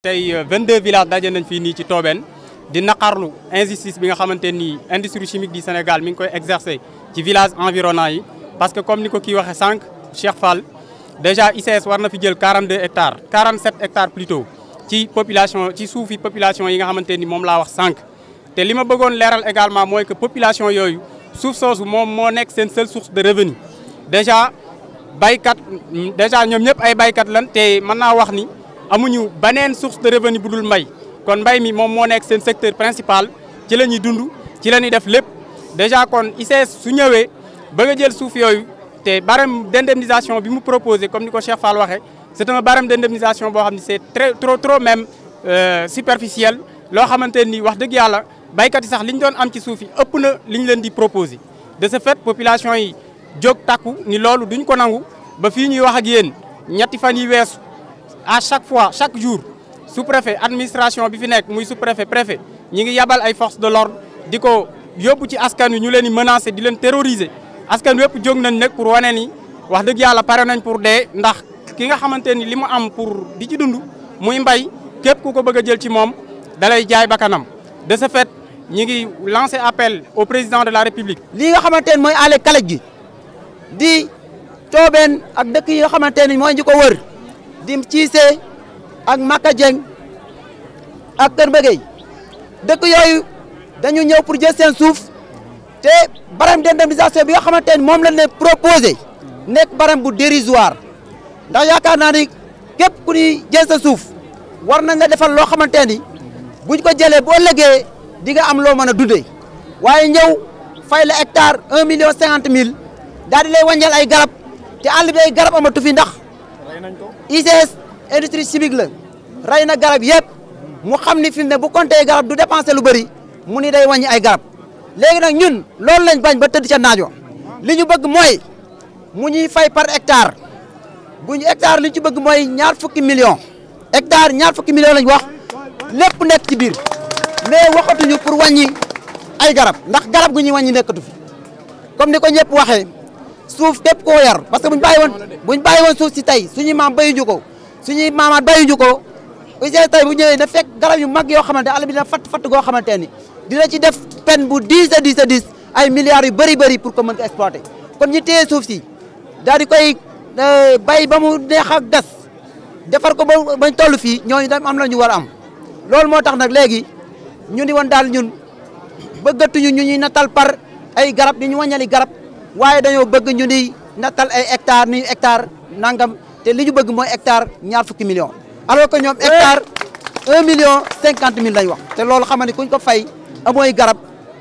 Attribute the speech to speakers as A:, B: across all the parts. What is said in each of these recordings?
A: tay 22 euh, villages daje nañ fi ni ci Tobène di naqarlu injustice bi nga xamante ni industrie chimique du Sénégal mi ngi koy exercer ci village environnants yi parce que comme niko ki kii sank Cheikh Fall déjà ICS war na fi jël 42 hectares 47 hectares plutôt ci population ci suufi population yi nga xamante ni moom laa wax sank té lima bëggone léral également moy que population yoyu souf soosu mom mo nekk sen seule source de revenu déjà baykat déjà ñom ñëpp ay baykat lan té mën naa wax ni amuñu banen source de revenu budul dul mbay kon mbay mi mom mo nek sen secteur principal ci lañuy dundu, ci lañuy def lepp déjà kon ICS su ñëwé bëgg jël souf yoyu té barème d'indemnisation bi mu proposé comme niko Cheikh Fall waxé c'est un barème d'indemnisation bo xamni c'est très trop trop même euh, superficiel lo xamante ni wax dëgg yàlla baykat yi sax liñ doon am ci souf yi ëpp na liñ leen di proposer de ce fait population yi jog takku ni loolu duñ ko nangu ba fi ñuy wax ak yeen ñetti fan yi weesu à chaque fois chaque jour sous-préfet administration bi fi nekk muy sous-préfet préfet ñi ngi yabal ay forces de l'ordre di ko yóbbu ci askan wi ñu leen menacer di leen terroriser askan wépp jóg nañ nag pour wane ni wax dëgg yàlla pare nañ pour dee ndax ki nga xamante ni am pour di ci dund muy mbay képp ku ko bëgg a jël ci moom dalay jaay bakkanam de ce fait ñi ngi lancer appel au président de la république. lii nga xamante ne mooy àll gi
B: di t'oben ak dëkk yi nga xamante ni mooy wër. Dim Cissé ak Maka Dieng ak Kër Mbëggey dëkk yooyu dañu ñëw pour jël seen suuf te barème d'indemnisation bi nga xamante ne moom lañ ne proposé nekk barème bu dérisoire ndax yaakaar naa ni képp ku ñuy jël sa suuf war nañ nga defal loo xamante ni buñ ko jëlee boo ëllëgee di nga am loo mën a dundee waaye ñëw fay la hectare un million cinquante mille daal di lay wàññeel ay garab te àll bi ay garab amatu fi ndax. ICS industrie chimique la rey garab yëpp mu xam ni fi bu compté garab du dépensé lu bëri mu ni day wàññi ay garab léegi nag ñun loolu lañ bañ ba tëdd ca naajo li bëgg mooy mu ñuy fay par hectare bu ñu hectare li ñu ci bëgg mooy ñaar fukki millions hectare ñaar fukki millions lañ wax lépp nekk ci biir mais waxatuñu pour wàññi ay garab ndax garab gu ñuy wàññi nekkatu fi comme ni ko ñëpp suuf kep ko yar parce que buñ bàyyi woon buñ bàyyi woon suuf si tey suñuy maam béyuñu ko suñuy maamaat béyuñu ko UGT tay bu ñëwee na fekk garab yu mag yo xamanté Allah bi dina fat fat go xamanté ni dina ci def peine bu 10 à 10 à 10 ay milliards yu bari bari pour ko mën exploiter kon ñi téye suuf ci dal di koy euh, bay ba mu neex ak das defar ko bañ tollu fi ñooñu dañ am lañu ñu war am lool motax nak légui ñu ni won dal ñun bëggatu ñu ñuy natal par ay garab di ñu wañali garab waye dañu bëgg ñu ni natal ay hectare ni hectare nangam té liñu bëgg moy hectare ñaar fukki million alors que ñom hectare 1 million cinquante mille lañ wax té loolu xam kuñ ko fay amoy garab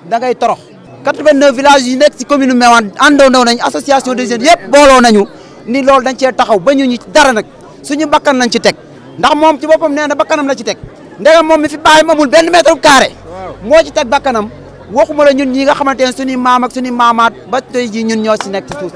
B: da ngay torox 89 villages yi nek ci commune Mewan ando ndaw nañ association des jeunes yépp bolo nañu ni loolu dañ ci taxaw ba ñu ñi dara nak suñu bakkan nañ ci tek ndax mom ci bopam nee bakkanam la ci tek ndegam mom mi fi bàyyam amul benn mètre carré mo ci tek bakkanam waxuma la ñun ñi nga xamante ne suñuy maam ak suñuy maamaat ba tey ji ñun ñoo ci nekk ci suuf